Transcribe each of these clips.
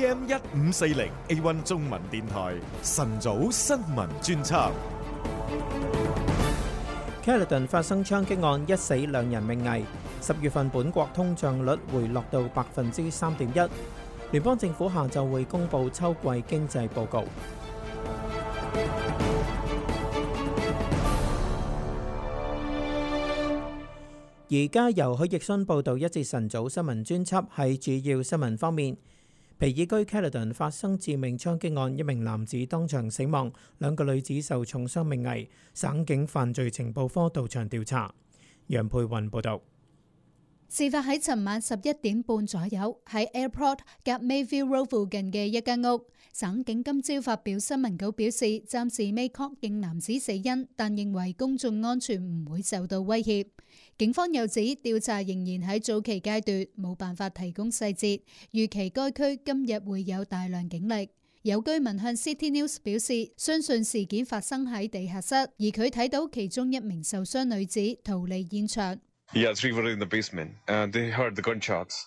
B.A. 一五四零 A. One 中文電台晨早新聞專輯。Caledon 發生槍擊案，一死兩人命危。十月份本國通脹率回落到百分之三點一。聯邦政府下晝會公布秋季經濟報告。而家由許奕迅報道一節晨早新聞專輯，係主要新聞方面。皮爾居 Caledon 發生致命槍擊案，一名男子當場死亡，兩個女子受重傷命危。省警犯罪情報科到場調查。楊佩雲報道。事發喺尋晚十一點半左右，喺 Airport 及 Mayfield Road 附近嘅一間屋。省警今朝發表新聞稿表示，暫時未確認男子死因，但認為公眾安全唔會受到威脅。警方又指調查仍然喺早期階段，冇辦法提供細節。預期該區今日會有大量警力。有居民向 City News 表示，相信事件發生喺地下室，而佢睇到其中一名受傷女子逃離現場。Yes, we were in the basement and they heard the gunshots.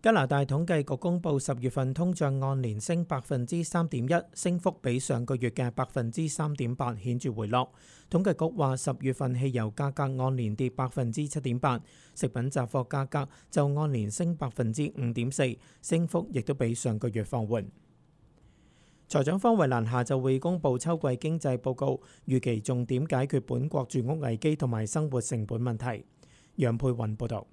加拿大統計局公布十月份通脹按年升百分之三點一，升幅比上個月嘅百分之三點八顯著回落。統計局話十月份汽油價格按年跌百分之七點八，食品雜貨價格就按年升百分之五點四，升幅亦都比上個月放緩。財長方慧蘭下晝會公布秋季經濟報告，預期重點解決本國住屋危機同埋生活成本問題。楊佩雲報道。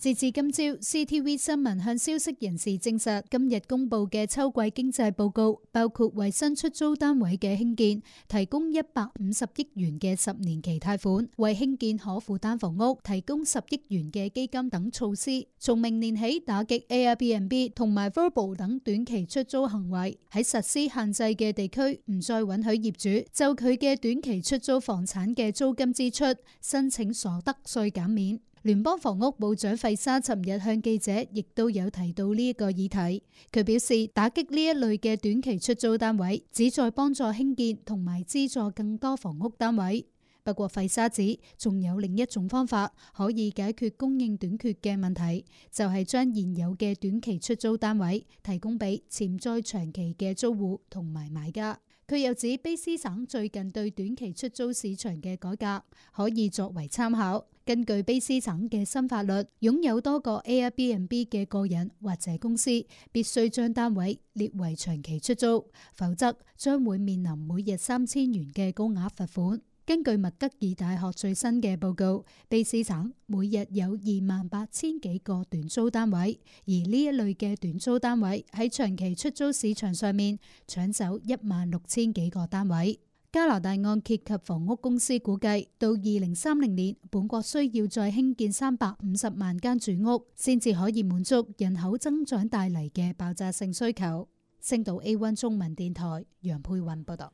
截至今朝，C T V 新聞向消息人士證實，今日公布嘅秋季經濟報告包括為新出租單位嘅興建提供一百五十億元嘅十年期貸款，為興建可負擔房屋提供十億元嘅基金等措施，從明年起打擊 Airbnb 同埋 Vrbo 等短期出租行為。喺實施限制嘅地區，唔再允許業主就佢嘅短期出租房產嘅租金支出申請所得稅減免。聯邦房屋部長費沙尋日向記者亦都有提到呢個議題，佢表示打擊呢一類嘅短期出租單位，旨在幫助興建同埋資助更多房屋單位。不過，費沙指仲有另一種方法可以解決供應短缺嘅問題，就係將現有嘅短期出租單位提供俾潛在長期嘅租戶同埋買家。佢又指卑詩省最近對短期出租市場嘅改革可以作為參考。根據卑詩省嘅新法律，擁有多個 Airbnb 嘅個人或者公司必須將單位列為長期出租，否則將會面臨每日三千元嘅高額罰款。。根據密吉爾大學最新嘅報告，地市層每日有二萬八千幾個短租單位，而呢一類嘅短租單位喺長期出租市場上面搶走一萬六千幾個單位。加拿大按揭及房屋公司估計，到二零三零年，本國需要再興建三百五十萬間住屋，先至可以滿足人口增長帶嚟嘅爆炸性需求。星島 A 1中文電台楊佩云報道。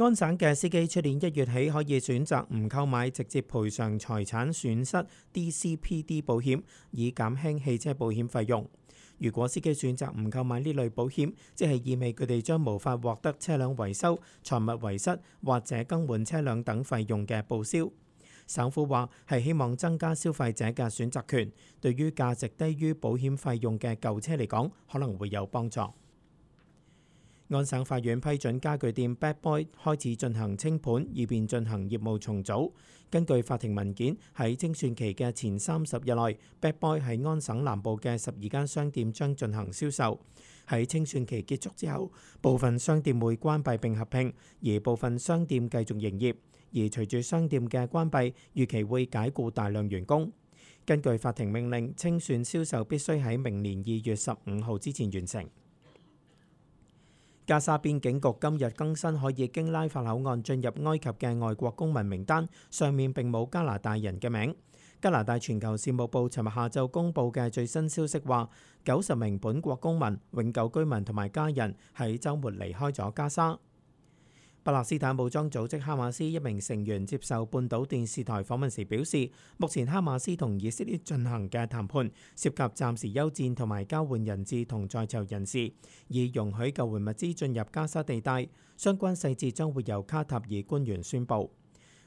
安省嘅司機出年一月起可以選擇唔購買直接賠償財產損失 DCPD 保險，以減輕汽車保險費用。如果司機選擇唔購買呢類保險，即係意味佢哋將無法獲得車輛維修、財物遺失或者更換車輛等費用嘅報銷。省府話係希望增加消費者嘅選擇權，對於價值低於保險費用嘅舊車嚟講，可能會有幫助。安省法院批准傢俬店 Bad Boy 開始進行清盤，以便進行業務重組。根據法庭文件，喺清算期嘅前三十日內，Bad Boy 喺安省南部嘅十二間商店將進行銷售。喺清算期結束之後，部分商店會關閉並合併，而部分商店繼續營業。而隨住商店嘅關閉，預期會解僱大量員工。根據法庭命令，清算銷售必須喺明年二月十五號之前完成。加沙邊境局今日更新可以經拉法口岸進入埃及嘅外國公民名單，上面並冇加拿大人嘅名。加拿大全球事務部尋日下晝公佈嘅最新消息話，九十名本國公民、永久居民同埋家人喺週末離開咗加沙。巴勒斯坦武裝組織哈馬斯一名成員接受半島電視台訪問時表示，目前哈馬斯同以色列進行嘅談判涉及暫時休戰同埋交換人質同在囚人士，以容許救援物資進入加沙地帶。相關細節將會由卡塔爾官員宣布。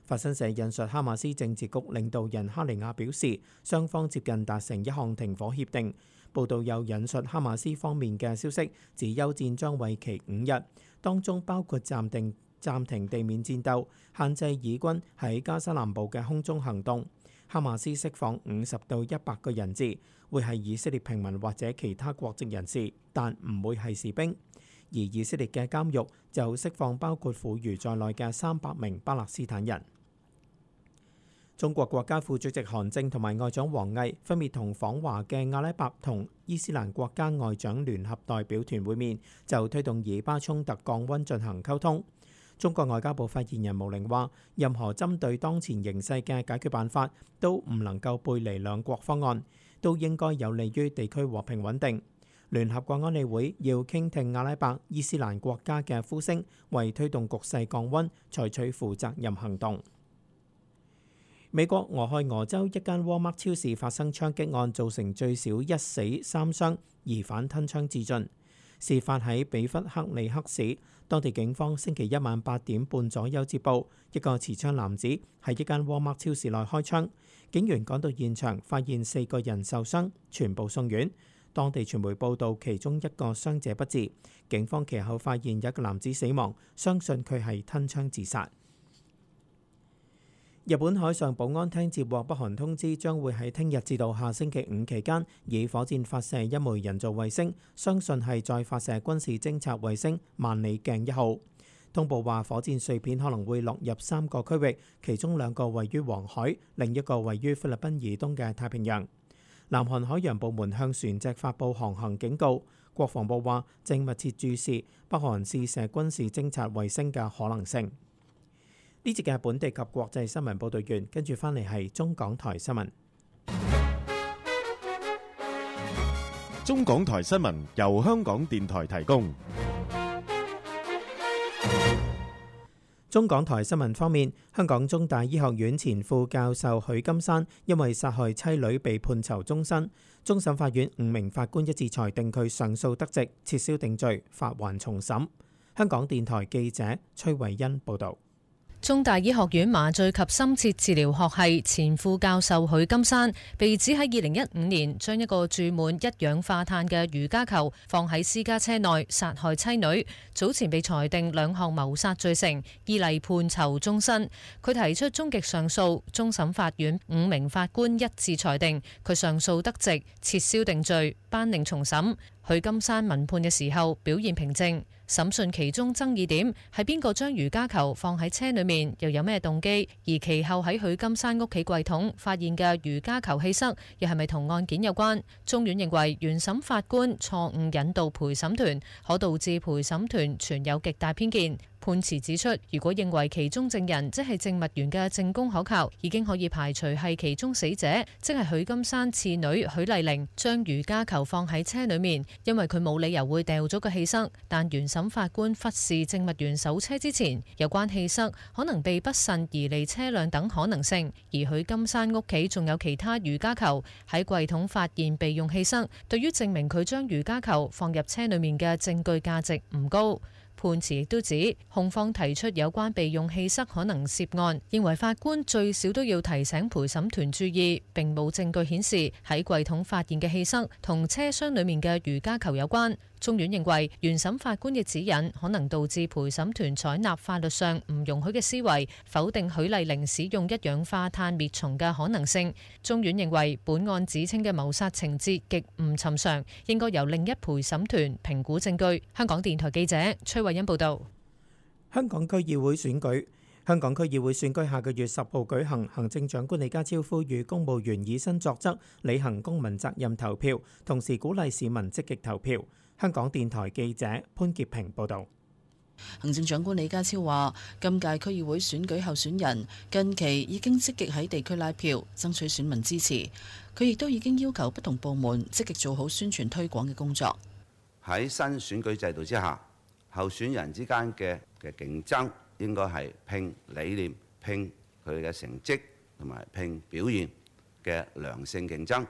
法新社引述哈馬斯政治局領導人哈尼亞表示，雙方接近達成一項停火協定。報道又引述哈馬斯方面嘅消息，指休戰將為期五日，當中包括暫定。暫停地面戰鬥，限制以軍喺加沙南部嘅空中行動。哈馬斯釋放五十到一百個人質，會係以色列平民或者其他國籍人士，但唔會係士兵。而以色列嘅監獄就釋放包括婦孺在內嘅三百名巴勒斯坦人。中國國家副主席韓正同埋外長王毅分別同訪華嘅阿拉伯同伊斯蘭國家外長聯合代表團會面，就推動以巴衝突降温進行溝通。中國外交部發言人毛寧話：任何針對當前形勢嘅解決辦法都唔能夠背離兩國方案，都應該有利於地區和平穩定。聯合國安理會要傾聽阿拉伯伊斯蘭國家嘅呼聲，為推動局勢降温，採取負責任行動。美國俄亥俄州一間沃麥超市發生槍擊案，造成最少一死三傷，疑犯吞槍自盡。事發喺比弗克里克市，當地警方星期一晚八點半左右接報，一個持槍男子喺一間沃麥超市內開槍，警員趕到現場發現四個人受傷，全部送院。當地傳媒報道，其中一個傷者不治，警方其後發現有一個男子死亡，相信佢係吞槍自殺。日本海上保安廳接獲北韓通知，將會喺聽日至到下星期五期間以火箭發射一枚人造衛星，相信係再發射軍事偵察衛星“萬里鏡一號”。通報話，火箭碎片可能會落入三個區域，其中兩個位於黃海，另一個位於菲律賓以東嘅太平洋。南韓海洋部門向船隻發布航行警告。國防部話，正密切注視北韓試射軍事偵察衛星嘅可能性。呢節嘅本地及國際新聞報道完，跟住翻嚟係中港台新聞。中港台新聞由香港電台提供。中港台新聞方面，香港中大醫學院前副教授許金山因為殺害妻女被判囚終身。終審法院五名法官一致裁定佢上訴得直，撤銷定罪，發還重審。香港電台記者崔慧欣報道。中大醫學院麻醉及深切治療學系前副教授許金山被指喺二零一五年將一個注滿一氧化碳嘅瑜伽球放喺私家車內殺害妻女，早前被裁定兩項謀殺罪成，依例判囚終身。佢提出終極上訴，終審法院五名法官一致裁定佢上訴得直，撤銷定罪，頒令重審。許金山聞判嘅時候表現平靜，審訊其中爭議點係邊個將瑜伽球放喺車裡面，又有咩動機？而其後喺許金山屋企櫃桶發現嘅瑜伽球氣塞，又係咪同案件有關？中院認為原審法官錯誤引導陪審團，可導致陪審團存有極大偏見。判詞指出，如果認為其中證人即係證物員嘅證供可靠，已經可以排除係其中死者即係許金山次女許麗玲將瑜伽球放喺車裡面，因為佢冇理由會掉咗個氣塞。但原審法官忽視證物員搜車之前有關氣塞可能被不慎移離車輛等可能性，而許金山屋企仲有其他瑜伽球喺櫃桶發現備用氣塞，對於證明佢將瑜伽球放入車裡面嘅證據價值唔高。判詞亦都指控方提出有關備用氣室可能涉案，認為法官最少都要提醒陪審團注意，並冇證據顯示喺櫃桶發現嘅氣室同車廂裡面嘅瑜伽球有關。中院認為，原審法官嘅指引可能導致陪審團採納法律上唔容許嘅思維，否定許麗玲使用一氧化碳滅蟲嘅可能性。中院認為，本案指稱嘅謀殺情節極唔尋常，應該由另一陪審團評估證據。香港電台記者崔慧欣報道。香港區議會選舉。香港區議會選舉下個月十號舉行，行政長官李家超呼籲公務員以身作則，履行公民責任投票，同時鼓勵市民積極投票。香港電台記者潘潔平報道。行政長官李家超話，今屆區議會選舉候選人近期已經積極喺地區拉票，爭取選民支持。佢亦都已經要求不同部門積極做好宣傳推廣嘅工作。喺新選舉制度之下，候選人之間嘅嘅競爭。應該係拼理念、拼佢嘅成績同埋拼表現嘅良性競爭。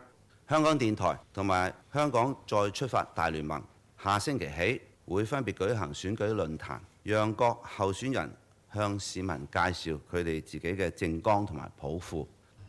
香港電台同埋香港再出發大聯盟，下星期起會分別舉行選舉論壇，讓各候選人向市民介紹佢哋自己嘅政綱同埋抱負。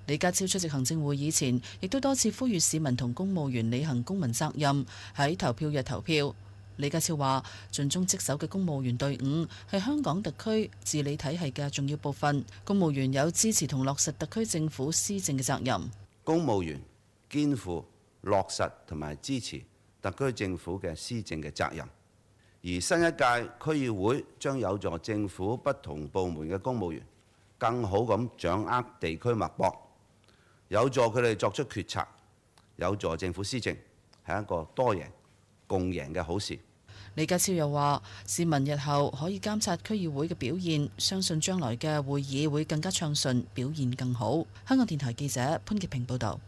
李家超出席行政會議前，亦都多次呼籲市民同公務員履行公民責任，喺投票日投票。李家超話：盡忠職守嘅公務員隊伍係香港特區治理體系嘅重要部分，公務員有支持同落實特區政府施政嘅責任。公務員肩負落實同埋支持特區政府嘅施政嘅責任，而新一屆區議會將有助政府不同部門嘅公務員更好咁掌握地區脈搏，有助佢哋作出決策，有助政府施政，係一個多贏、共贏嘅好事。李家超又話：市民日後可以監察區議會嘅表現，相信將來嘅會議會更加暢順，表現更好。香港電台記者潘潔平報導。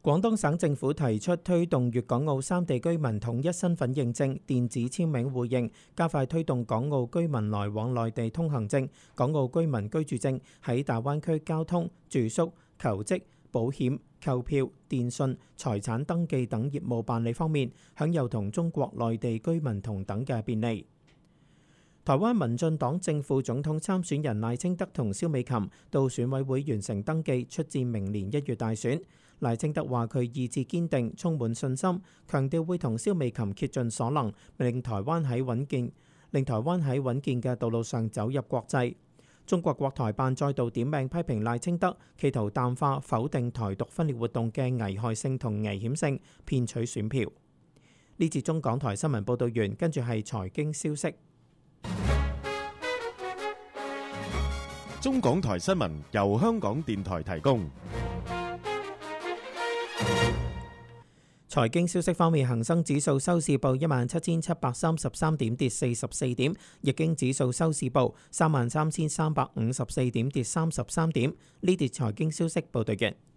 廣東省政府提出推動粵港澳三地居民統一身份認證、電子簽名互認，加快推動港澳居民來往內地通行證、港澳居民居住證喺大灣區交通、住宿、求職、保險、購票、電信、財產登記等業務辦理方面，享有同中國內地居民同等嘅便利。台灣民進黨正副總統參選人賴清德同蕭美琴到選委會完成登記，出戰明年一月大選。賴清德話：佢意志堅定，充滿信心，強調會同蕭美琴竭盡所能，令台灣喺穩健，令台灣喺穩健嘅道路上走入國際。中國國台辦再度點名批評賴清德，企圖淡化否定台獨分裂活動嘅危害性同危險性，騙取選票。呢節中港台新聞報導完，跟住係財經消息。中港台新聞由香港電台提供。財經消息方面，恒生指數收市報一萬七千七百三十三點，跌四十四點，日經指數收市報三萬三千三百五十四點，跌三十三點。呢啲財經消息，報道完。